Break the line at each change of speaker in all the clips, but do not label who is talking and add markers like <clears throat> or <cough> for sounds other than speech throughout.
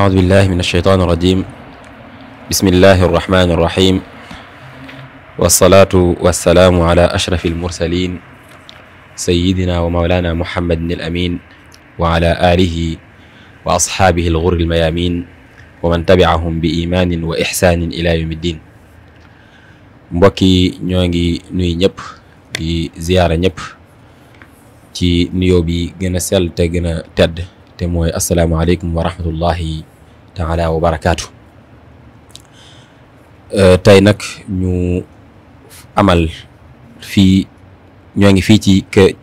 أعوذ بالله من الشيطان الرجيم بسم الله الرحمن الرحيم والصلاة والسلام على أشرف المرسلين سيدنا ومولانا محمد الأمين وعلى آله وأصحابه الغر الميامين ومن تبعهم بإيمان وإحسان إلى يوم الدين mbokk yi ñoo ngi nuyu ñëpp di ziyaara ñëpp ci nuyoo bi gën a sell te gën a tedd te mooy asalaamaaleykum wa rahmatullahi taala wa barakaatu euh, tey nag ñu amal fii ñoo ngi fii ci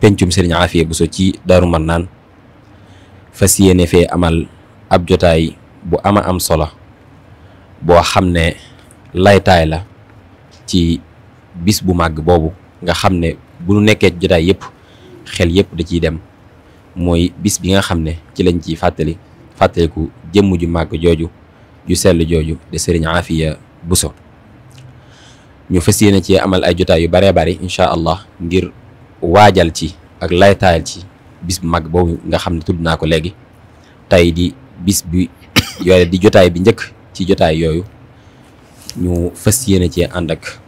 pencum Serigne Afia Bousso ci Daaru Marnaan fas yéene fee amal ab jotaay bu ama am solo boo xam ne laytaay la ci bis bu màgg boobu nga xam ne bu nu nekkee jotaay yépp xel yépp da ciy dem mooy bis bi nga xam ne ci lañ ciy fàttali fàttaliku jëmm ju màgg jooju ju sell jooju de sëriñ bu so ñu fës yéene ci amal ay jotaay yu baree bari incha allah ngir waajal ci ak laytaayal ci bis bu mag boobu nga xam ne tudd naa ko léegi tey di bis bi <coughs> yooyu di jotaay bi njëkk ci jotaay yooyu ñu fës yéene ci ànd ak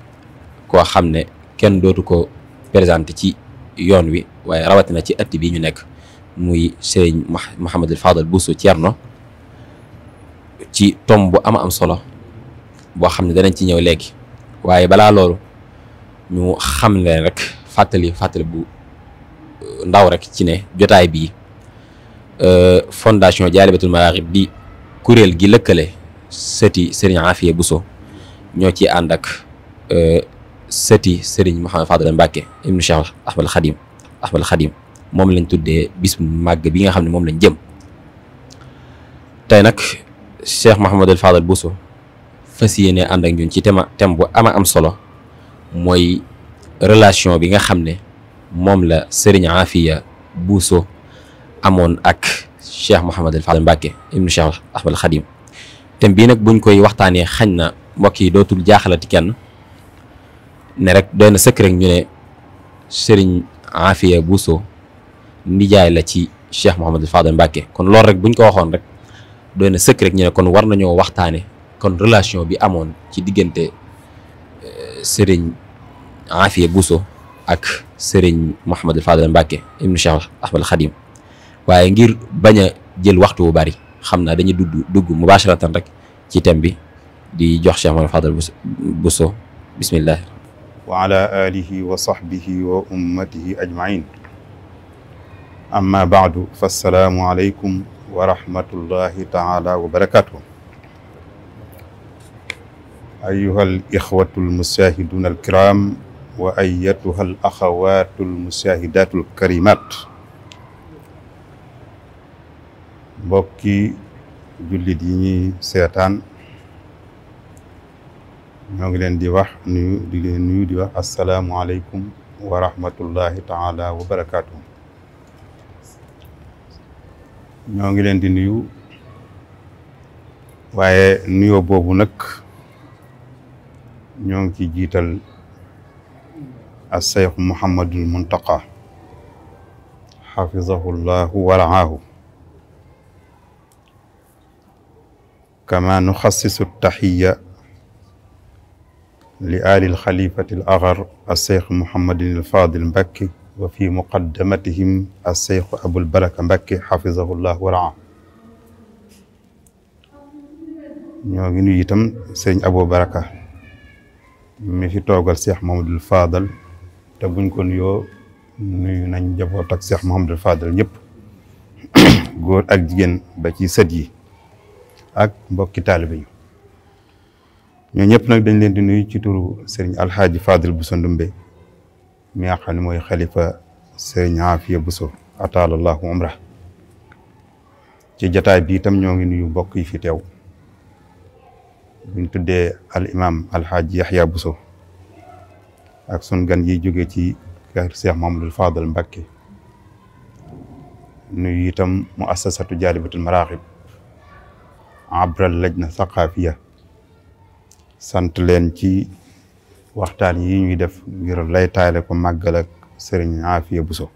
koo xam ne kenn dootu ko présenté ci yoon wi waaye rawatina ci ëtt bi ñu nekk muy sëriñ Mouhamadul Fadal Bousso Thierno ci tom bu ama am solo boo xam ne danañ ci ñëw léegi waaye balaa loolu ñu xam ne rek fàttali fàttali bu euh, ndaw rek ci ne jotaay bii euh, fondation Jaalibatul Maraghib di kuréel gi lëkkale sëti sëriñ Afia Bousso ñoo ci ànd ak euh, sëti sëriñ Mouhamed Fadal Mbacke ibnu Cheikh Ahmad Khadim Ahmad moom lañ tuddee bis màgg bi nga xam ne moom lañ jëm tey nag Cheikh Mouhamadul Fadal Bousso fas yéene ànd ak ñun ci thème thème bu ama am solo mooy relation bi nga xam ne moom la Serigne Afia Bousso amoon ak Cheikh Mouhamadul Fadal Mbacke ibnu Cheikh Ahmad Khadim thème bii nag buñ koy waxtaanee xañ na mbokk yi dootul jaaxalati kenn ne rek doy na sëkk ñu ne sëriñ Afia Bousso nijaay la ci Cheikh Mouhamadou Fadel Mbacké kon loolu rek buñ ko waxoon rek doy na sëkk rek ñu ne kon war nañoo waxtaane kon relation bi amoon ci diggante euh, sëriñ Afia buso ak sëriñ Mouhamadou Fadel Mbacké ibnu Cheikh Ahmad Khadim waaye ngir bañ a jël waxtu wu bari xam naa dañuy dugg dugg mubasharatan rek ci thème bi di jox Cheikh Mouhamadou Fadel Bousso bismillah
wa ala wa sahbihi wa ummatihi ajmain amma baadu fassalaamu aleykum wa rahmatullahi taala wa barakatuhu ayuha al ixwatu almusaahiduna alkiram wa ayatuha al axawatu almusaahidaatu alkarimat mbokki jullit yi ñuy seetaan ñoo ngi leen di wax nuyu di leen nuyu di wax asalaamualeykum wa rahmatullahi taala wa barakatuhu ñoo ngi leen di nuyu waaye nuyoo boobu nag ñoo ngi ci jiital as-Seex Muhammadul Muntaqa xafizahu llahu waraahu kama nuxassisu taxiya li aali lxalifati al agar as-Seex Muhammadin al Faadil Mbakki wa fi muqaddamatihim asseyxu abul baraka mbakke xafizahullah waraa ñoo ngi nu itam sëriñ abu baraka mi fi toogal seex mahamadul fadal te buñ ko nuyoo nuyu nañ njaboot ak seex mahamadul fadal ñëpp <coughs> góor ak jigéen ba ci sët yi ak mbokki taalibe yi ñoo ñëpp nag dañ leen di nuyu ci turu sëriñ alxaaji fadal bu sa ndumbe mi nga xam ne mooy xalifa sëriñ Afia Bousso ataalallahu umra ci jataay bii tam ñoo ngi nuyu mbokk yi fi teew buñ tuddee al imam alxaaji Yaxya Bousso ak sun gan yi jóge ci kër Cheikh Mamadou Fadal Mbacké nuyu itam mu assasatu jaalibatul maraaxib abral lajna saqaafiya sant leen ci waxtaan yi ñuy def ngir lay taale ko màggal ak sëriñ Aafiya Buso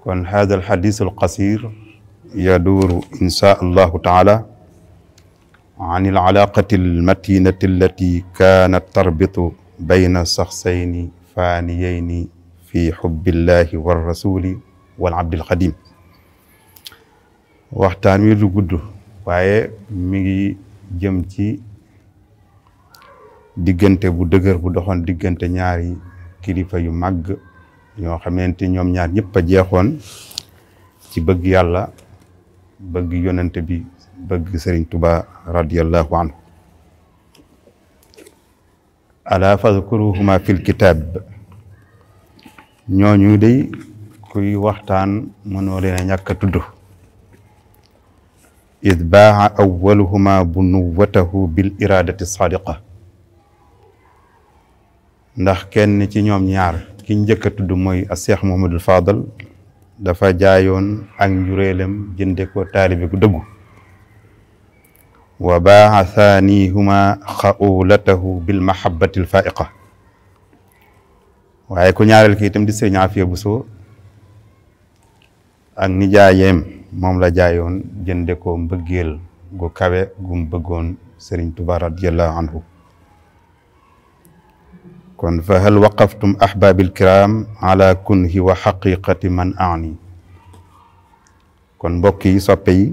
kon hada al xadis al qasir yaduuru insha allahu taala an al alaqati al kaanat tarbitu bayna saxsayni faaniyayni fi xubbillahi wa rasuli wal abdil waxtaan wi du gudd waaye mi ngi jëm ci diggante bu dëgër bu doxoon diggante ñaari kilifa yu màgg ñoo xamante ñoom ñaar ñëpp jeexoon ci bëgg yàlla bëgg yonante bi bëgg sëriñ tuba radiallahu anhu ala fazkuruhuma fil kitab ñooñu day kuy waxtaan mënoo leen a ñàkk a tudd id baaxa awaluhuma bil iradati sadiqa ndax kenn ci ñoom ñaar ki njëkk a tudd mooy Cheikh Mouhamadul Fadal dafa jaayoon ak njureelam jënde ko taalibe gu dëggu wa baaxa saanihuma xawlatahu bil mahabbati al faiqa waaye ku ñaareel ki itam di sëriñ Afiya Buso ak nijaayeem moom la jaayoon jënde ko mbëggeel gu kawe gum bëggoon sëriñ Tuubaa radiyallahu anhu kon fa hal waqaftum ahbaabil kiram ala kunhi wa xaqiqati man ani kon mbokk yi soppe yi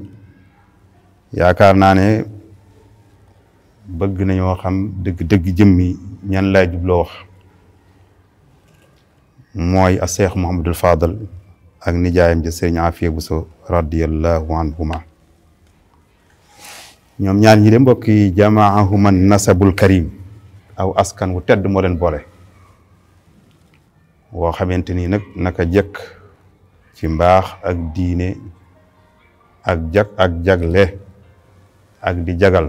yaakaar naa ne bëgg nañoo xam dëgg-dëgg jëmmi ñan laa jubloo wax mooy a Cheikh Mouhamadul Fadal ak nijaayam ja Sëriñ Afiya Buso radiyallahu anhuma ñoom ñaar ñi de mbokk yi jamaahuma nasabul karim aw askan wu tedd moo boole woo xamante ni nag naka jëkk ci mbaax ak diine ak jag ak jagle ak di jagal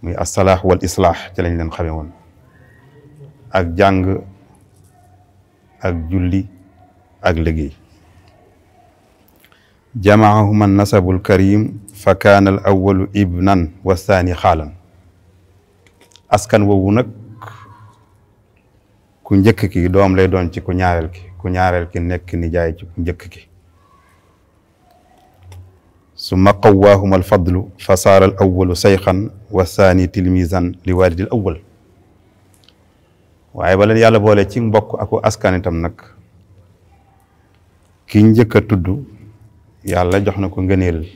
muy asalaax wal islaax ci lañ leen xame woon ak jàng ak julli ak liggéey jamaahum an nasabul karim fa kaana al awalu ibnan wa thani xaalan askan woowu nag ku njëkk ki doom lay doon ci ku ñaareel ki ku ñaareel ki nekk nijaay ci ku njëkk ki summa qawwaahuma alfadlu fa saara al awalu sayxan wa saani tilmisan li waalidil awal waaye ba leen yàlla boole ci mbokk aku askanitam itam nag ki njëkk a tudd yàlla jox na ko ngëneel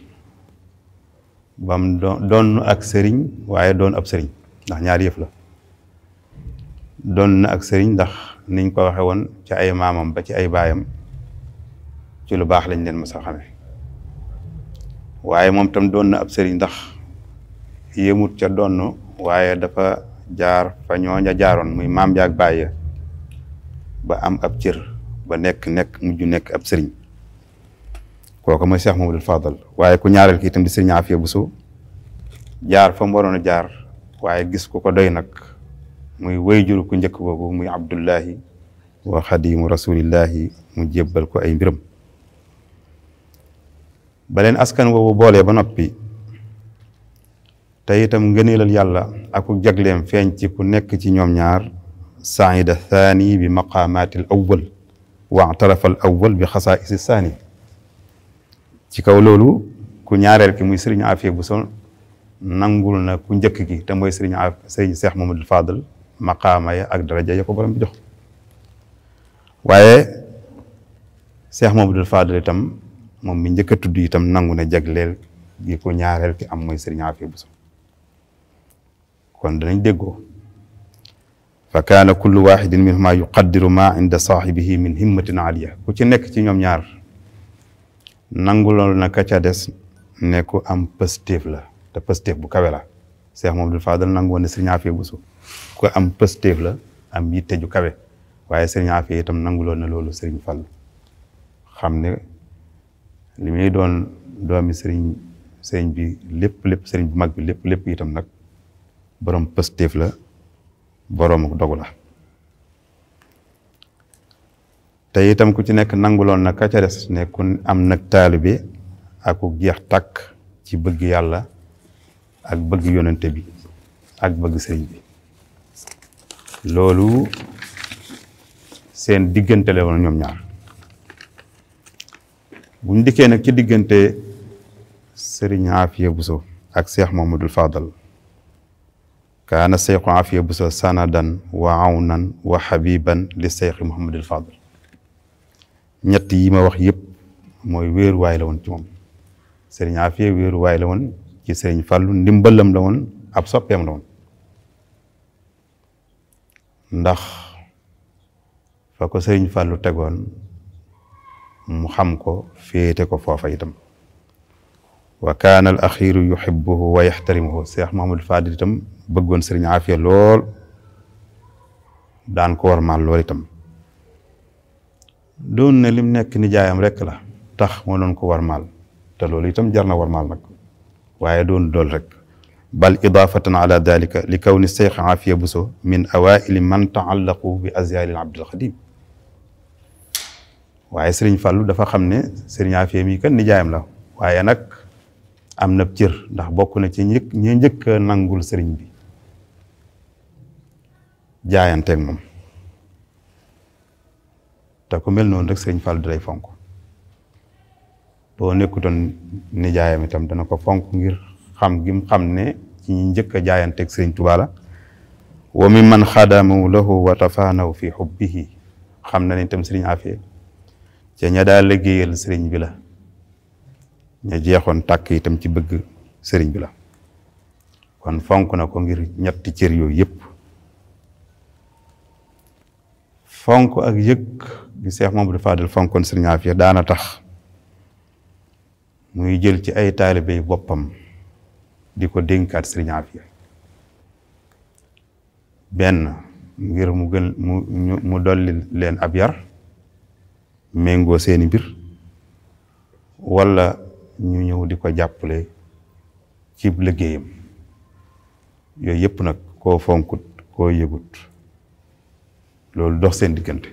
bam doon ak sëriñ waaye doon ab sëriñ ndax ñaari yëf la doon na ak sëriñ ndax niñ ko waxe woon ci ay maamam ba ci ay baayam ci lu baax lañ leen ma a xame waaye moom tam doon na ab sëriñ ndax yëmut ca donn waaye dafa jaar fa ñooña jaaroon muy maam yaag bàyyi ba am ab cër ba nekk nekk mujj nekk ab sëriñ kooku mooy Cheikh Mamadou Fadal waaye ku ñaareel ki itam di sëriñ Afia Bousso jaar fa mu jaar waaye gis ku ko doy nag muy wayjur ku njëkk boobu muy Abdullahi wa xadimu rasulillahi mu jébbal ko ay mbiram ba leen askan woowu boole ba noppi te itam ngëneelal yàlla ak jagleem feeñ ci ku nekk ci ñoom ñaar saida thani bi maqaamaati al awal wa atarafa al awal bi xasaisi saani ci kaw loolu ku ñaareel ki muy sëriñ Afia bu son nangul na ku njëkk gi te mooy sëriñ a sëriñ Seex Mamadul Fadal maqaama ya ak daraja ya ko borom bi jox waaye Seex Mamadul Fadal itam moom mu njëkk a tudd itam nangu na jagleel gi ko ñaareel ki am mooy sëriñ Afiya Buso kon danañ déggoo fa kaana kullu waxidin minhuma yuqaddiru ma inda saaxibihi min himmatin aliya ku ci nekk ci ñoom ñaar nangulool na ka ca des ne ku am pëstéef la te pëstéef bu kawe la Seex Mamadu Fadal nangu woon ne Sëriñ Afia Buso ku am pëstéef la am yitte teju kawe waaye Sëriñ Afia itam nanguloon na loolu Sëriñ Fallu xam ne li muy doon doomi sëriñ sëriñ bi lépp lépp sëriñ bu mag bi lépp lépp itam nag borom pëstéef la borom dogu la te itam ku ci nekk nanguloon na ka ca ne ku am nag taalibe ak ku jeex tàkk ci bëgg yàlla ak bëgg yonente bi ak bëgg sëriñ bi loolu seen diggante la woon ñoom ñaar buñ dikkee nag ci diggante sëriñ Afiya Buso ak Cheikh Mamadou Fadal kaana seyqu Afiya Buso sanadan wa awnan wa habiban li seyqi Mouhamadul Fadal ñett yi ma wax yëpp mooy wéeruwaay la woon ci sëriñ Afiya wéeruwaay la woon ci sëriñ Fàllu ndimbalam la woon ab soppeem ndax fa ko sëriñ Fàllu tegoon mu xam ko féete ko foofa itam wa kaana al axiru yuhibbuhu wa yaxtarimuhu Cheikh Mahamadou bëggoon sëriñ Aafiya lool daan ko war maal lool itam doon na lim nekk nijaayam rekk la tax moo doon ko war maal te loolu itam jar na war maal nag waaye doon loolu rek bal idaafatan ala dalika li kawni seyx Aafiya Buso min awaili man taallaqu bi azyaalil Abdul Xadim waaye Serigne Fallou dafa xam ne Serigne Aafiya mi kan nijaayam la waaye nag am na cër ndax bokk na ci ñi ñi njëkk a nangul Serigne bi jaayanteeg moom te ku mel noonu rek Serigne Fallou di lay fonk boo nekkutoon nijaayam itam dana ko fonk ngir xam gim xam ne ci ñi njëkk a jaayanteeg sëriñ Tuubaa la wa mi man xadamu lahu wa tafaanaw fi xubbihi xam na ne itam sëriñ Afiya ca ña daa liggéeyal sëriñ bi la ña jeexoon tàkk itam ci bëgg sëriñ bi la kon fonk na ko ngir ñetti cër yooyu yëpp fonk ak yëg bi Seex Mamadu Fadal fonkoon sëriñ Afiya daana tax muy jël ci ay taalibey boppam di ko dénkaat sëriñ Afia benn ngir mu gën dolli leen ab yar méngoo seeni mbir walla ñu ñëw di ko jàppale cib liggéeyam yooyu yëpp nag ko fonkut koo yëgut loolu dox seen diggante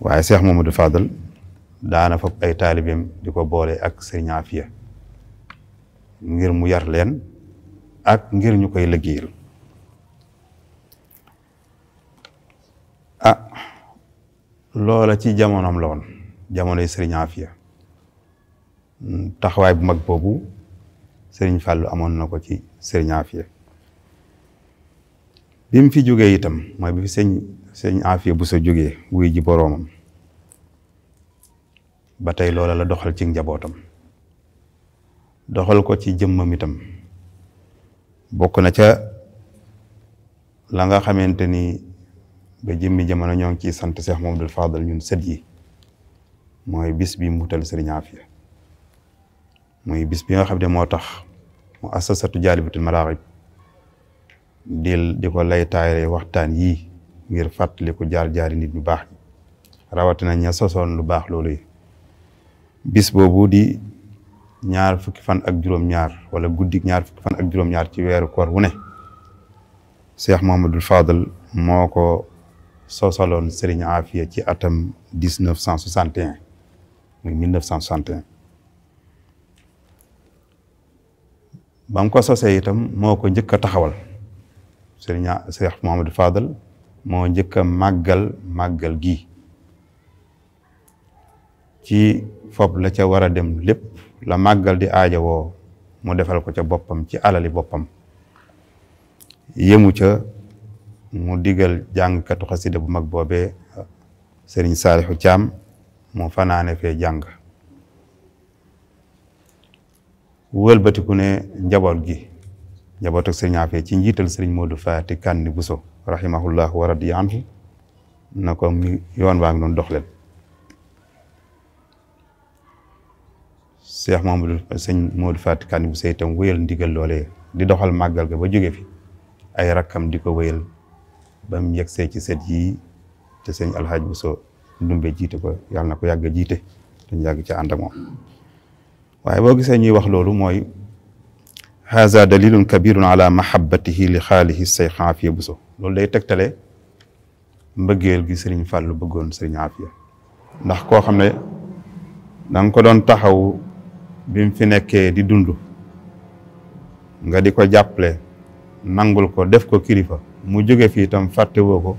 waaye Cheikh Mamadou Fadal daana fab ay taalibeem di ko boole ak sëriñ Afiya ngir mu yar leen ak ngir ñu koy liggéeyal a ah, loola ci jamonoom la woon jamonoy sëriñ Afiya taxawaay bu mag boobu sëriñ Fàllu amoon na ko ci sëriñ Afiya bi fi jógee itam mooy bi fi sëñ sëñ Afiya bu sa jógee wuy ji boroomam ba tey loola la doxal ci njabootam doxal ko ci jëmmam itam bokk na ca la nga xamante ni ba jëmmi jamono ñoo ngi ciy sant moom Mamadou Fadal ñun sët yi mooy bis bi mutal Sëriñ Aafiya muy bis bi nga xam ne moo tax mu asasatu jaalibatul maraaxib di di ko lay taayale waxtaan yii ngir fàttali ko jaar jaari nit ñu baax rawatina ña sosoon lu baax loolu bis boobu di ñaar fukki fan ak juróom-ñaar wala guddik ñaar fukki fan ak juróom-ñaar ci weeru koor wu ne Cheikh Mouhamadul Fadal moo ko sosaloon Serigne Afia ci atam dix neuf cent soixante et un muy mille neuf cent un ba ko sosee itam moo ko njëkk a taxawal Serigne Cheikh Mouhamadul Fadal moo njëkk a màggal màggal gi ci fob la ca war a dem lépp la màggal di aaja woo mu defal ko ca boppam ci alali boppam yëmu ca mu digal jàngkatu xasida bu mag boobee sëriñ Saalixu Caam mu fanaane fee jàng wëlbatiku ne njaboot gi njaboot ak sëriñ Afee ci njiital sëriñ Modou Faati Kanni Buso rahimahullah wa radiya anhu na ko yoon waa ngi doon Cheikh Mamadou sëñ Modou Faty Kani bu sey itam wéyal ndigal loolee di doxal màggal ga ba jóge fi ay rakkam di ko wéyal ba mu ci set yii te sëñ bu so Ndumbe jiite ko yàlla na ko yàgg a jiite dañ ci ànd ak moom waaye boo gisee ñuy wax loolu mooy haza dalilun kabirun ala mahabbatihi li xaalihi Cheikh bu so loolu day tegtale mbëggeel gi sëriñ Fàllu bëggoon sëriñ Afia ndax koo xam ne da ko doon taxaw bi mu fi nekkee di dund nga di ko jàppale nangul ko def ko kilifa mu jóge fii itam fàttewoo ko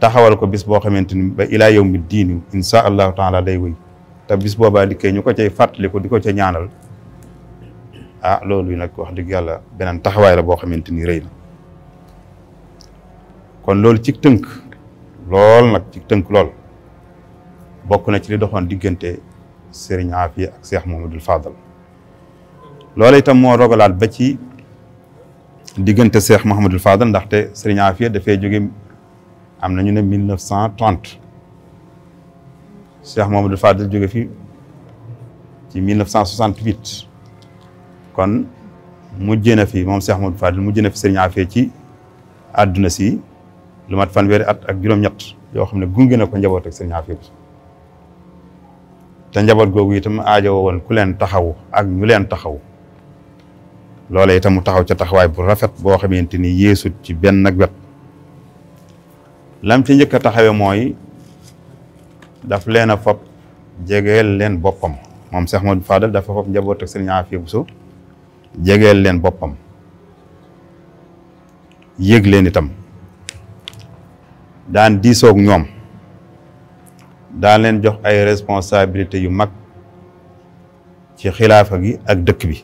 taxawal ko bis boo xamante ni ba ilaa yawmi diini insha allahu taala day wéy te bis boobaa dikkee ñu ko cay fàttali ko di ko ce ñaanal ah loolu nag wax dëgg yàlla beneen taxawaay la boo xamante ni rëy kon loolu ci tënk lool nag ci tënk lool bokk na ci li doxoon diggante sëriñ Aafiya ak seex Muhammadul Faadal loolu itam moo rogalaat ba ci diggante seex Muhammadul Faadal ndaxte sëriñ Aafiya dafay jóge am na ñu ne mille neuf cent trente seex Muhammadul jóge fi ci mille neuf kon mujj na fi moom seex Muhammadul Faadal mujj na fi sëriñ Aafiya ci àdduna si lu mat fanweeri at ak juróom-ñett yoo xam ne gunge na ko njaboot ak sëriñ Aafiya te njaboot googu itam aajo woon ku leen taxaw ak ñu leen taxaw loola itam mu taxaw ca taxawaay bu rafet boo xamante ni yeesut ci benn ak wet lam ci njëkk a taxawe mooy daf leen a fob jegeel leen boppam moom Cheikh Modou Fadal dafa fob njaboot ak sëriñ Afia Bousso jegeel leen boppam yéeg leen itam daan diisoog ñoom daa leen jox ay responsabilité yu mag ci xilaafa gi ak dëkk bi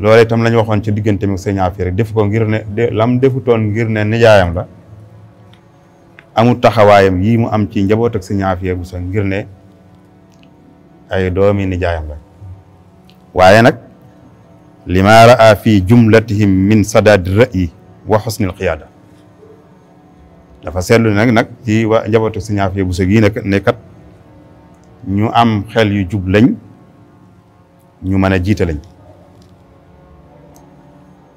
loolu itam la waxoon ci diggante mi sëñ Afia def ko ngir ne lam defutoon ngir ne nijaayam la amul taxawaayam yii mu am ci njaboot ak sëñ Afia bu sax ngir ne ay doomi nijaayam la waaye nag lima raa fi jumlatihim min sadaadi ra'yi wa xusnil qiyaada dafa seetlu nag nag yi waa njabootu Sëriñ Aafiya Buso gi ne kat ñu am xel yu jub lañ ñu mën a jiite lañ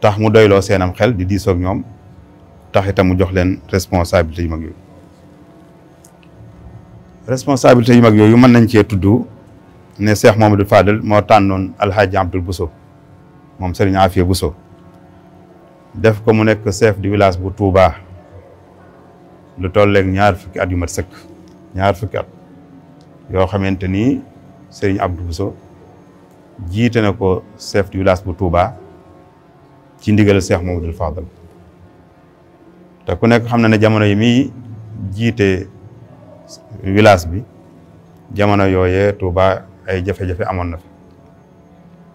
tax mu doyloo seenam xel di diisoog ñoom tax itam mu jox leen responsabilité yu mag yooyu responsabilité yu mag yooyu mën nañ cee tuddu ne Cheikh du Fadel moo noon Alhaji Abdoul buso moom Serigne Afia Bousso def ko mu nekk chef du village bu Touba lu tolleeg ñaar fukki at yu mat sëkk ñaar fukki at yoo xamante ni Serigne Abdou Bousso jiite na ko chef du village bu Touba ci ndigal Cheikh Mamadou Fadal te ku nekk xam na ne jamono yi muy jiite village bi jamono yooyee Touba ay jafe-jafe amoon na fi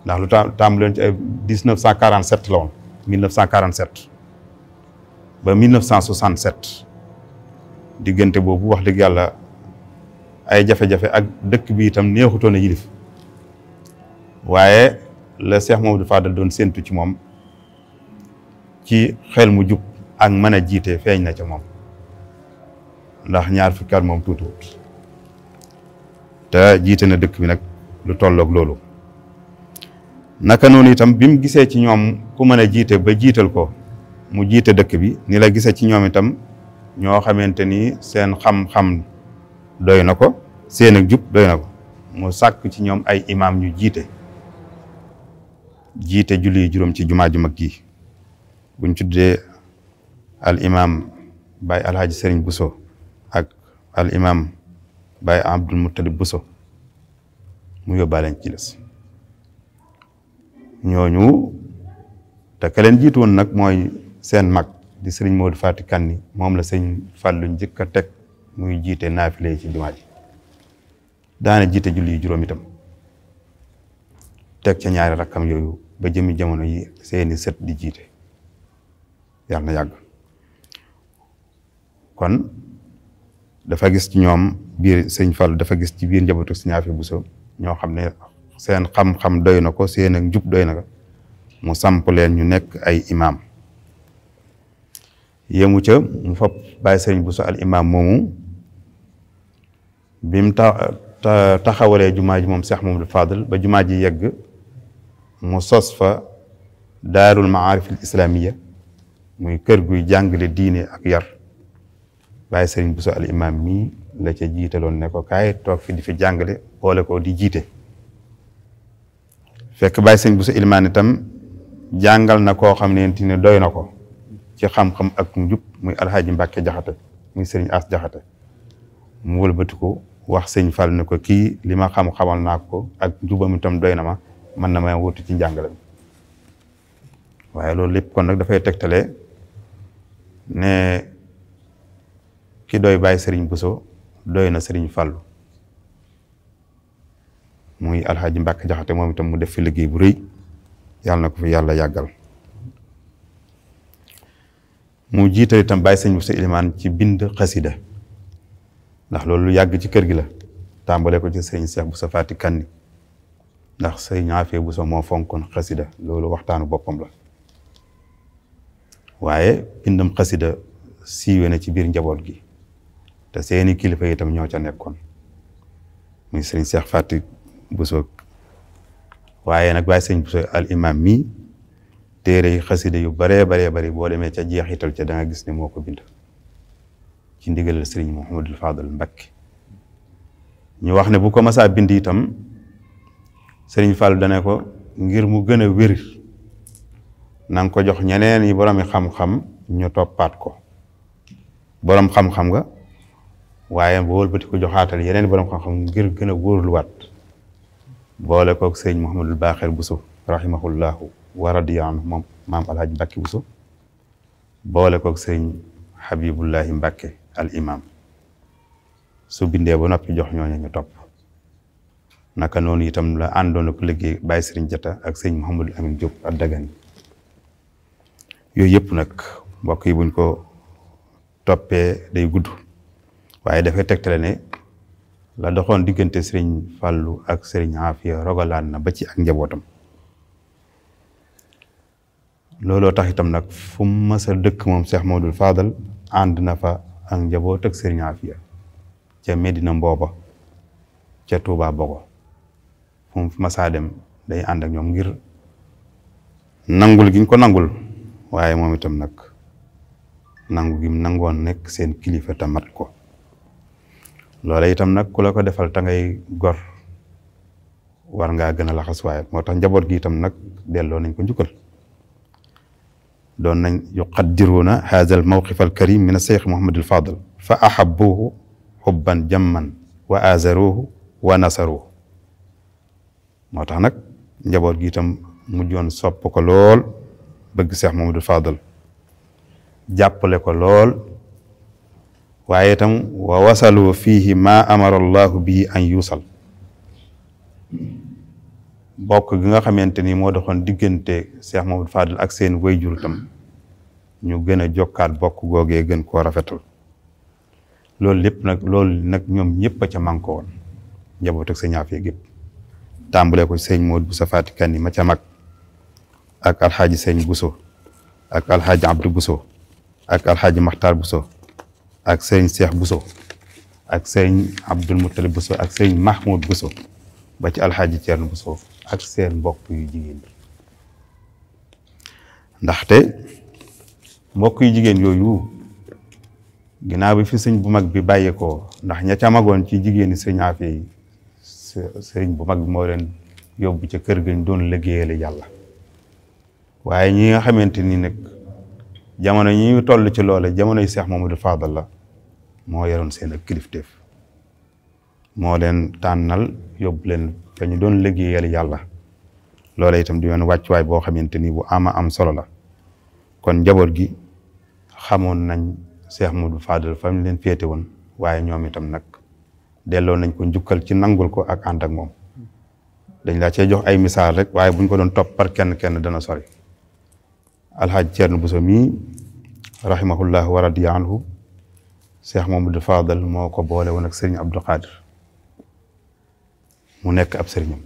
ndax lu tàmbaloon ci ay dix neuf cent quarante sept la woon mille neuf cent quarante ba mille neuf diggante boobu wax dëgg yàlla ay jafe-jafe ak dëkk bi itam neexutoon a yilif waaye la Cheikh Mamadou Fadal doon séentu ci moom ci xel mu jub ak mën a jiite feeñ na ca moom ndax ñaar fukki at moom tuutiwut te jiite na dëkk bi nag lu tolloog loolu naka noonu itam bi mu gisee ci ñoom ku mën a jiite ba jiital ko mu jiite dëkk bi ni la gisee ci ñoom itam ñoo xamante ni seen xam-xam doy na ko seen ak jub doy na ko mu sàkk ci ñoom ay imaam ñu jiite jiite julli juróom ci jumaa ju mag gi buñ tuddee al imaam Baye Alhaji Serigne Bousso ak al imaam bay Abdul Muttalib Bousso mu yóbbaaleen ci des ñooñu te ka leen jiitu woon nag mooy seen mag di sëriñ Modou Fati Kanni moom la sëñ Fallou njëkk a teg muy jiite naafile ci jumaa ji daana jiite julli juróom itam teg ca ñaari rakkam yooyu ba jëmmi jamono yi seeni sët di jiite yàlla na yàgg kon dafa gis ci ñoom biir sëñ fal dafa gis ci biir njabootu sëñ bu Bousso ñoo xam ne seen xam-xam doy na ko seen ak njub doy na mu samp leen ñu nekk ay imaam yemu ca mu fab bay sëriñ bu sa al moomu bi mu ta taxawalee jumaa ji moom Cheikh Mamadou Fadl ba jumaa ji yegg mu sos fa daarul maarif al muy kër guy jàngale diine ak yar bàyyi sëriñ bu sa al imaam mii la ca jiitaloon ne ko kaay toog fi di fi jàngale boole ko di jiite fekk bàyyi sëriñ bu sa ilmaan itam jàngal na koo xam ne doy na ko ci xam-xam ak njub muy alxaaji Mbàkke jaxate muy sëriñ as jaxate mu wëlbati wax sëñ Fall ne ko kii li ma xam xamal naa ko ak njubam itam doy na ma man na ma wutu ci njàngale mi waaye loolu lépp kon nag dafay tegtale ne ki doy bàyyi sëriñ Bousso doy na sëriñ Fallu muy alxaaji Mbàkke jaxate moom itam mu def fi liggéey bu rëy yàlla na ko fi yàlla yàggal mu jiital itam bàyyi sëñ Moussa Ilimaan ci bind xasida ndax loolu yàgg ci kër gi la tàmbale ko ci sëñ Cheikh Boussa Fati Kanni ndax sëñ bu sa moo fonkoon xasida loolu waxtaanu boppam la waaye bindam xasida siiwe ci biir njaboot gi te seeni kilifa yi tam ñoo ca nekkoon muy sëñ Cheikh Fati Boussa waaye nag bàyyi sëñ Boussa al imam mii téere yi xasida yu baree baree bari boo demee ca jeexital ca da gis ne moo ko bind ci ndigalal sëriñ Mouhamadul Fadal Mbakke ñu wax ne bu ko masaa bind itam sëriñ Fall dane ko ngir mu gën a wér na nga ko jox ñeneen yi boromi xam-xam ñu toppaat ko boroom xam-xam nga waaye boo wëlbati ko joxaatal yeneen borom xam-xam ngir gën a wóorluwaat boole kook sëriñ Mouhamadul Baaxir Buso rahimahullahu wa radiya moom maam alhaaj Mbàkke Buso boole koog sëñ Habibullahi Mbàkke al imam su bindee ba noppi jox ñooñu ñu topp naka noonu itam la àndoon ak liggéey Baye Serigne Jata ak sëñ Mouhamadou Amine Diop ak Dagana yëpp nag mbokk yi buñ ko toppee day gudd waaye dafay tegtale la doxoon diggante Serigne Fallou ak Serigne Afia rogalaan na ba ci ak njabootam. looloo tax itam nag fu mu mës a dëkk moom Cheikh Modou Fadal ànd na fa ak njaboot ak Serigne Afia ca Medina Mbooba ca Touba Bogo fu mu masaa dem day ànd ak ñoom ngir nangul giñ ko nangul waaye moom itam nag nangu gim nangoon nekk seen kilifa mat ko loole itam nag ku la ko defal ta ngay gor war ngaa gën a laxas waaye moo tax njaboot gi itam nag delloo nañ ko njukkal doon nañ yuqaddiruuna haada al mawqif al karim min aseykh Muhammad al Fadil fa ahabuhu xubban jamman wa azaruhu wa nasaruhu moo tax nag njaboot gi itam mujjoon sopp ko lool bëgg seex Muhammad al Fadil jàppale ko lool waaye itam wa wasalu fiihi ma amara allahu bihi an yusal bokk gi nga xamante ni moo doxoon diggante Cheikh Mamadou Fadal ak seen wayjur tam ñu gën a jokkaat bokk googee gën koo rafetal loolu lépp nag loolu nag ñoom ñëpp a ca manko woon njaboot ak sëñ Afia gépp tàmbale ko sëñ Modou Bousso Fatikan yi ma ca mag ak alxaaji sëñ Bousso ak alxaaji Abdou Bousso ak alxaaji Maxtaar Bousso ak sëñ Cheikh Bousso ak sëñ Abdul Muttalib Bousso ak sëñ Mahmoud buso ba ci alxaaji Thierno Bousso ak seen mbokk yu jigéen yi ndaxte mbokk yu jigéen yooyu ginnaaw bi fi sëñ bu mag bi bàyyeekoo ndax ña ca magoon ci jigéeni sëñ Aafiya yi sëriñ bu mag moo leen yóbbu ca kër gañ doon liggéeyale yàlla waaye ñi nga xamante ni nag jamono ñi toll ci loole jamono yu Seex Mamadu Faadal la moo yoroon seen ak kilifteef moo leen tànnal yóbbu leen te ñu doon liggéeyal yàlla loola itam di yoon wàccuwaay boo xamante ni bu ama am solo la kon njaboot gi xamoon nañ Cheikh Modou Fadal fa mu leen féete woon waaye ñoom itam nag delloo nañ ko njukkal ci nangul ko ak ànd ak moom dañ laa cee jox ay misaal rek waaye buñ ko doon topp kenn kenn dana sori alxaaj Ceerno Buso mii rahimahullah wa radiya anhu Cheikh Mamadou Fadal moo ko boole woon ak Serigne Abdou Khadir mu nekk ab sëriñam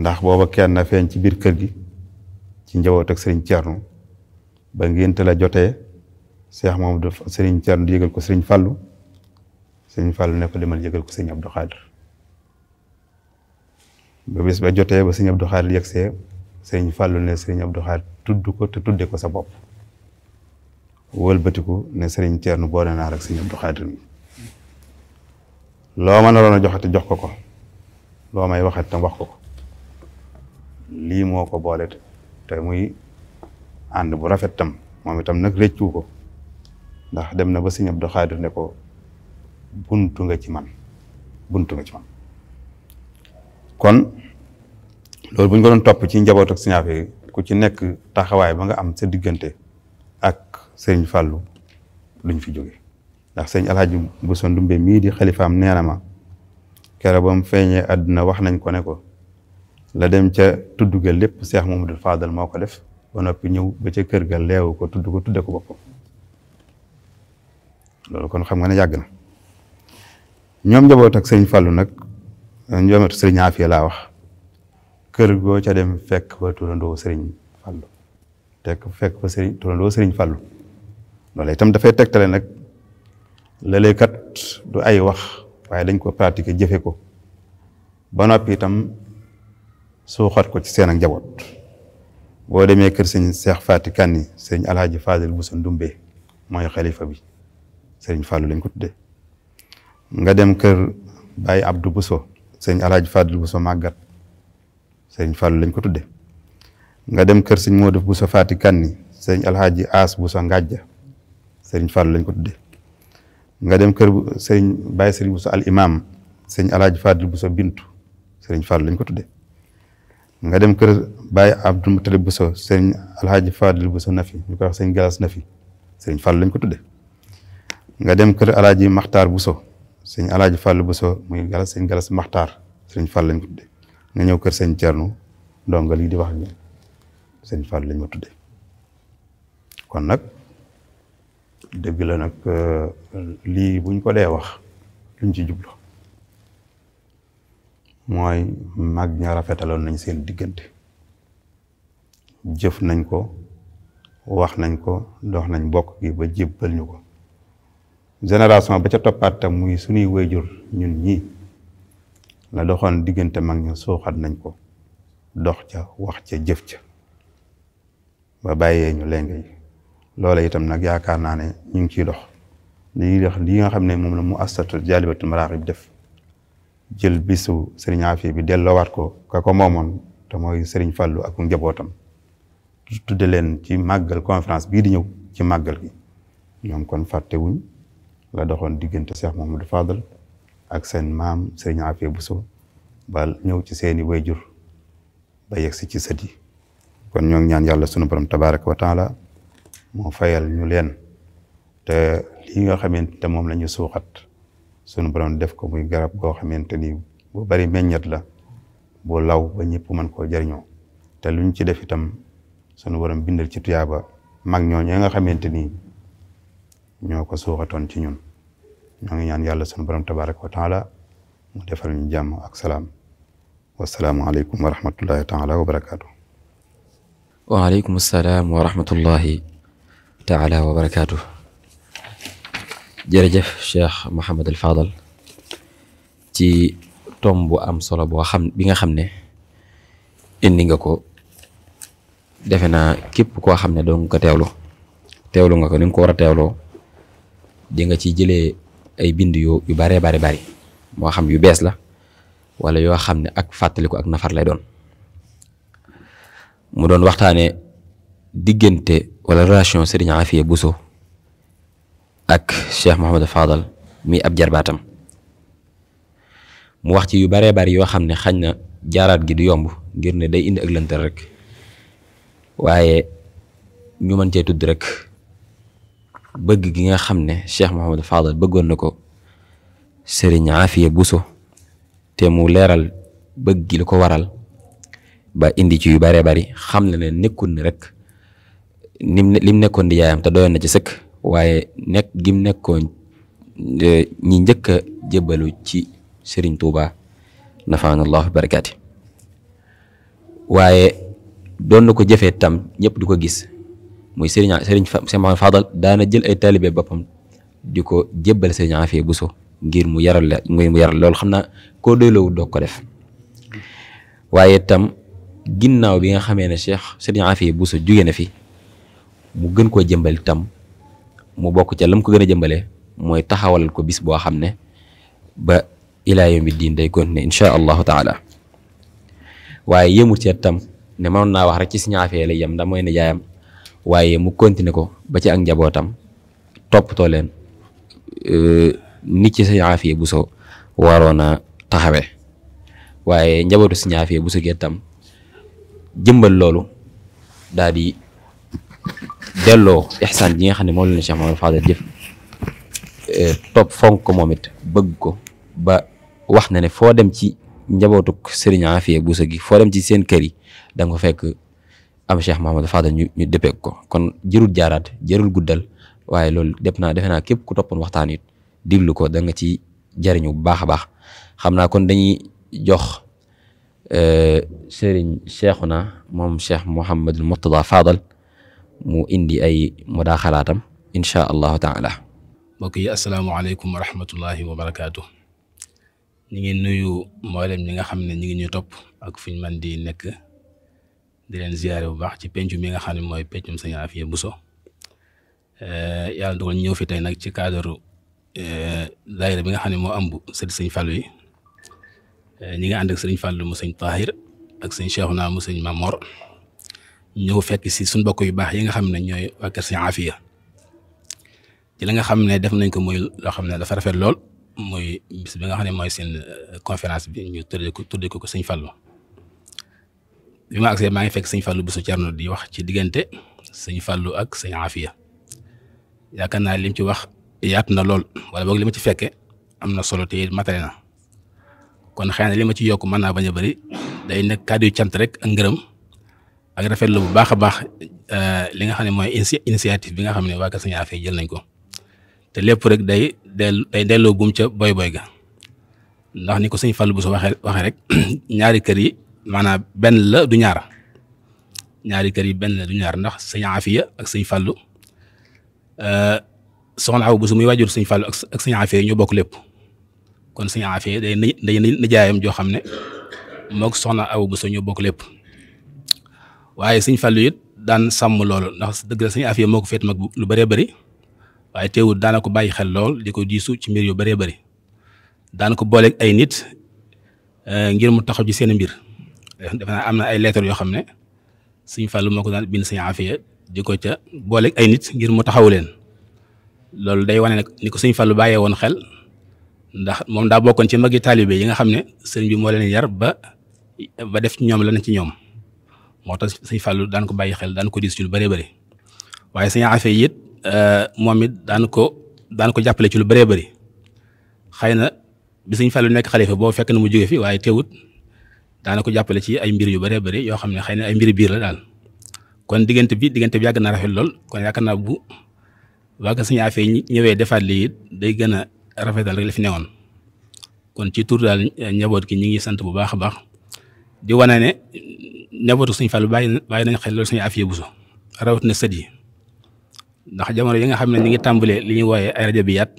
ndax booba kenn feeñ ci biir kër gi ci njawoot ak sëriñ Thierno ba ngénte la jotee Cheikh Mamadou sëriñ Thierno ko sëriñ Fallou sëriñ Fallou ne ko demal yëgal ko sëriñ Abdou Khadir ba bis ba jotee ba sëriñ Abdou Khadir yegsee sëriñ Fallou ne sëriñ Abdou Khadir tudd ko te tudde ko sa bopp wëlbatiku ne sëriñ Thierno boole naa ak sëriñ Abdou Khadir mi loo ma naroon a joxati jox ko ko loo may waxat tam wax ko ko lii moo ko boole te muy ànd bu rafet tam moom itam nag rëccu ko ndax dem na ba sëñ Abdou Xaadir ne ko buntu nga ci man buntu nga kon loolu bu ñu ko doon topp ci njaboot ak sinaaf ku ci nekk taxawaay ba nga am sa diggante ak sëriñ Fàllu duñ fi jóge ndax sëñ alhaji Bousso Ndumbe mii di xalifaam nee na ma kere ba mu feeñee àdduna wax nañ ko ne ko la dem ca tudd ga lépp Seex moom Mamadou Fadal moo ko def ba noppi ñëw ba ca kër ga leewu ko tudd ko tudde ko boppam loolu kon xam nga ne yàgg na ñoom njaboot ak sëñ Fallou nag ñoomatu sëriñ Afia laa wax kër goo ca dem fekk fa turandoo sëriñ Fallou te fekk fa sëriñ turandoo sëriñ Fallou loolu itam dafay tegtale nag lële kat du ay wax waaye dañ ko pratiquer jëfe ko ba noppi itam suuxat ko ci seen ak njaboot boo demee kër sëñ Seex Faati Kanni sëñ Alhaji Fadil Bousso Ndumbe mooy xalifa bi sëriñ Fallou lañ ko tudde nga dem kër Baye Abdou Bousso sëñ Alhaji Fadil Bousso màggat sëriñ Fallou lañ ko tudde nga dem kër sëñ Modou Bousso Faati Kanni sëñ Alhaji As Bousso Ngàjja sëriñ Fallou lañ ko tudde nga dem kër sëriñ Baye sëriñ Bousso al imam sëriñ Alaaji Fadil Bousso Bintu sëriñ Fadil lañ ko tudde nga dem kër Baye Abdou Moutalib Bousso sëriñ Alaaji Fadil Bousso Nafi ñu koy wax sëriñ Galas Nafi sëriñ Fadil lañ ko tudde nga dem kër Alaaji Makhtar Bousso sëriñ Alaaji Fadil Bousso muy Galas sëriñ Galas Makhtar sëriñ Fadil lañ ko tudde nga ñëw kër sëriñ Thierno ndongo lii di wax ak ñoom Fadil lañ ma tudde kon nag dëgg nag euh, lii buñ ko dee wax luñ ci jublu mooy mag ña rafetaloon nañ seen diggante jëf nañ ko wax nañ ko dox nañ bokk gi ba jébbal ñu ko génération ba ca toppaat tam muy sunuy wéyjur ñun ñi la doxoon diggante mag ña suuxat nañ ko dox ca wax ca jëf ca ba bàyyee ñu leen loola itam nag yaakaar naa ne ñu ngi ciy dox lii dox lii nga xam ne moom la mu assatu jaalibatul maraaxib def jël bisu sëriñ Afia bi delloowaat ko ka ko moomoon te mooy sëriñ Fallou ak njabootam tudde leen ci màggal conférence bii di ñëw ci màggal gi ñoom kon fàttewuñ la doxoon diggante Cheikh Mouhamadou Fadal ak seen maam sëriñ Afia Bousso ba ñëw ci seeni wayjur ba yegg si ci sët yi kon ñoo ñaan yàlla sunu borom tabaraka wa taala moo fayal ñu leen te li nga xamante moom la ñu suuxat sunu borom def ko muy garab goo xamante ni bu bari meññat la boo law ba ñëpp mën koo jariñoo te luñ ci def itam sunu borom bindal ci tuyaaba mag ñoo ñooñu nga xamante ni ñoo ko suuxatoon ci ñun ñoo ngi ñaan yàlla sunu borom tabaraka wa taala mu defal ñu jàmm ak salaam wasalaamualeykum wa rahmatullahi taala wa barakaatu.
waaleykum salaam wa rahmatullahi taala wa barakaatu jërëjëf Cheikh Mouhamadul Fadal ci tom bu am solo boo xam bi nga xam ne indi nga ko defe naa képp koo xam ne doo ko teewlu teewlu nga ko ni nga ko war a teewloo di nga ci jëlee ay bind yu yu bare bari bari moo xam yu bees la wala yoo xam ne ak fàttaliku ak nafar lay doon mu doon waxtaane diggante wala relation Serigne Afia Bousso ak Cheikh Mouhamadou Fadal mi ab jarbaatam mu wax ci yu baree bari yoo xam ne xañ na jaaraat gi du yomb ngir ne day indi ak lëntal rek waaye ñu mën cee tudd rek bëgg gi nga xam ne Cheikh Mouhamadou Fadal bëggoon na ko Serigne Afia Bousso te mu leeral bëgg gi ko waral ba indi ci yu baree bari xam na ne nekkul ni rek nim lim nekkoon di yaayam te doyoon na ci sëkk waaye nekk gim nekkoon ñi njëkk a ci sëriñ Touba nafaana allahu barakaati waaye doon na ko jëfee tam ñëpp di ko gis muy Serigne Serigne Serigne Fadal daana jël ay taalibe boppam di ko jébbal Serigne Afia Bousso ngir mu yaral la ngir xam naa koo doyloowu doo ko def waaye tam ginnaaw bi nga xamee ne Cheikh Serigne Afia Bousso jóge na fi. mu gën koo jëmbal itam mu bokk ca lam ko gën a jëmbalee mooy taxawalal ko bis boo xam ne ba ilaa yawmi diin day continuer incha allahu taala waaye yëmut ca tam ne mënoon naa wax rek ci Serigne Afia lay yem ndax mooy ne jaayam waaye mu continuer ko ba ci ak njabootam toppatoo leen euh, nit ci Serigne Afia Bousso waroon a taxawee waaye njabootu Serigne Afia Bousso gi tam jëmbal loolu daal delloo ixsaan ji nga xam ne moom la Cheikh Mamadou Fadel jëf eh, topp fonk ko moom it bëgg ko ba wax na ne foo dem ci njabootuk Serigne Afia Bousso gi foo dem ci seen kër yi da ko fekk am Cheikh Mamadou Fadel ñu ñu dëppeek ko kon jërul jaaraat jërul guddal waaye loolu def naa defe naa képp ku toppoon waxtaan it diglu ko danga ci jariñu bu baax a baax xam naa kon dañuy jox eh, Serigne Cheikhouna moom Cheikh Mouhamadul Murtada Fadal mu indi ay mu daa xalaatam incha allahu taala
mbokk yi asalaamaaleykum wa rahmatullahi wa barakaatu ñu ngi nuyu molem ñi nga xam ne ñu ngi ñu topp ak ñu man di nekk di leen ziyaare bu baax ci pencu mi nga xam ne mooy pencum Sëñ Afia Buso eh, yàlla dogal ñu ñëw fi tey nag ci cadre eh, daayira bi nga xam ne moo ëmb sët sëñ Fallu yi eh, ñi nga ànd ak sëriñ Fallu mu sëñ Tahir ak sëñ Cheikhouna mu sëñ Mamor ñëw fekk si suñ bokk yu baax yi nga xam ne ñooy waa kër Sëriñ Afiya ci la nga xam ne def nañ ko muy loo xam ne dafa rafet lool muy bis bi nga xam ne mooy seen euh, conférence bi ñu tuddee ko tuddee ko ko Sëriñ Fallu bi ma agsee maa ngi fekk Sëriñ Fallu bisu Cerno di wax ci diggante Sëriñ Fallu ak Sëriñ Afiya yaakaar naa lim ci wax yaatu na lool wala boog li ma ci fekke am na solo te matale na kon xëy na li ma ci yokk mën naa bañ a bëri day nekk kàddu yu cant rek ak ngërëm ak rafetlu bu baax a baax euh, li nga xam ne mooy initiative bi nga xam ne waa Kër Sëñ Afia jël nañ ko te lépp rek day del day delloo gum ca boy boy ga ndax ni ko sëñ Fallou bu su waxee waxee rek <clears throat> ñaari kër yi maanaam benn la du ñaar ñaari kër yi benn du ñaar ndax sëñ Afia ak sëñ fallu euh, soxna Awa bu su muy wàjjur sëñ Fallou ak sëñ Afia ñoo bokk lépp kon sëñ Afia day day nijaayam joo xam ne mook soxna aw bu su ñoo bokk lépp. waaye sëñ Fallou it daan sàmm loolu ndax dëgg la sëñ moo ko féet mag lu baree bari waaye teewul daana ko bàyyi xel lool di ko diisu ci mbir yu baree bari daan ko booleeg ay nit eh, ngir mu taxaw ci seen mbir defe naa am na ay lettres yoo xam ne sëñ Fallou moo ko daan bind di ko ca booleeg ay nit ngir mu taxaw leen loolu day wane nag ni ko sëñ Fallou bàyyee woon xel ndax moom daa bokkoon ci magi taalibe yi nga xam ne sëriñ bi moo leen yar ba ba def ci ñoom la na ci ñoom. moo tax sëñ Fallou daan ko bàyyi xel daan ko diis ci lu bëree bëri waaye sëñ Afé it euh, moom it daan ko daan jàppale ci lu bëree bëri xëy na bi siñ Fallou nekk xalifa boo fekk na mu jóge fi waaye teewut daan ko jàppale ci ay mbir yu bëree bëri yoo xam ne xëy na ay mbir biir la daal kon diggante bi diggante bi yàgg naa rafet lool kon yaakaar naa bu waa ko sëñ Afé ñëwee defaat lii it day gën a rafetal rek la fi newoon kon ci tur daal njaboot gi ñu ngi sant bu baax a baax. di wane ne njabootu suñ Fallu bàyyi bàyyi nañ xel loolu suñu afiya busu rawatina sët yi ndax jamono yi nga xam ne ñu ngi tàmbalee li ñuy wooyee ay rajo bi yaat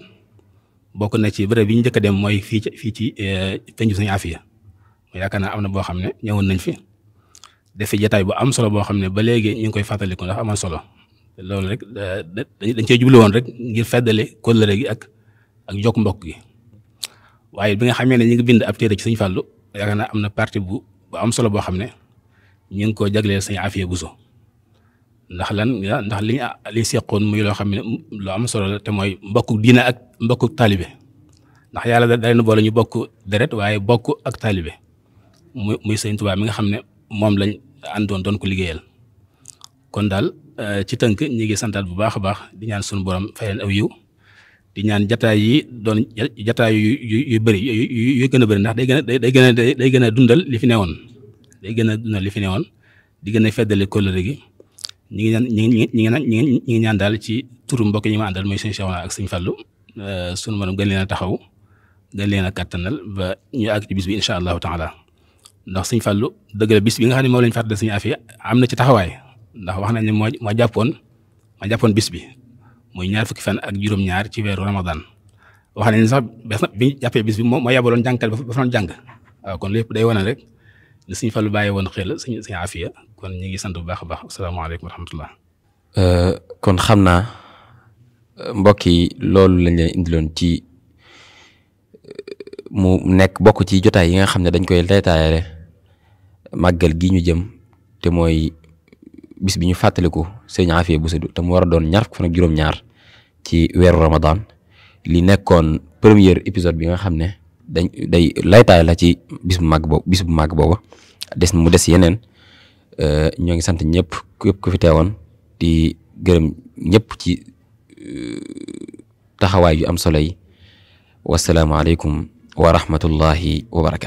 bokk na ci bërëb bi ñu njëkk a dem mooy fii ci fii ci eh, penc suñu afiya yaakaar naa am na boo xam ne ñëwoon nañ fi def jataay bu am solo boo xam ne ba léegi ñu ngi koy fàttaliku ndax amal solo loolu rek dañ cee jublu woon rek ngir feddale kóllëre gi ak ak jokk mbokk gi waaye bi nga xamee ne ñu ngi bind ab téere ci suñu Fallu yaakaar naa am na parti bu bu am solo boo xam ne ñu ngi ko jagleel sëñ bu so ndax lan ndax li li seqoon muy loo xam ne lu am solo la te mooy mbokku diina ak mbokku taalibe ndax yàlla da leen boole ñu bokk deret waaye bokk ak taalibe muy muy sëñ Tuubaa mi nga xam ne moom lañ àndoon doon ko liggéeyal kon daal euh, ci tënk ñi ngi santaat bu baax a baax di ñaan suñu borom fay leen aw yiw di ñaan jataay yi doon jataay yu yu bëri yu gën a bëri ndax day gën a day gën a day gën a dundal li fi newoon day gën a dundal li fi newoon di gën a feddali kóllëre gi ñi ngi ñaan ñi ngi ñi ngi ñi ngi ñi ñaan daal ci turu mbokk ñi ma àndal mooy sëñ Cheikh ak sëñ Fallou euh, sunu borom gën leen a taxaw gën leen a kattanal ba ñu àgg ci bis bi incha allahu taala ndax sëñ Fallou dëgg la bis bi nga xam ne moom lañ fàttali sëñ Afia am na ci taxawaay ndax wax nañ ne moo moo jàppoon moo jàppoon bis bi mooy ñaar fukki fan ak juróom-ñaar ci weeru Ramadan wax nañ sax bi ñu bis bi moom moo yabaloon jànkal fa doon jàng waaw kon lépp day wane rek ne suñu fa lu bàyyi woon xel suñu suñu afiya kon ñu ngi sant bu baax a baax asalaamaaleykum wa rahmatullah
euh, kon xam naa mbokk yi loolu lañ leen indiloon ci euh, mu nekk bokk ci jotaay yi nga xam ne dañ koy leetaayale màggal gi ñu jëm te mooy bis bi ñu fàttaliku sëñ Afia Bousso te mu war a doon ñaar fukk juróom-ñaar ci weeru Ramadan lii nekkoon premier épisode bi nga xam ne dañ day laytaay la ci bis mag màgg bis bu màgg booba des mu des yeneen euh, ñoo ngi sant ñëpp képp ku woon di gërëm ñëpp ci euh, taxawaay yu am solo yi wasalaamaaleykum wa rahmatullahi wa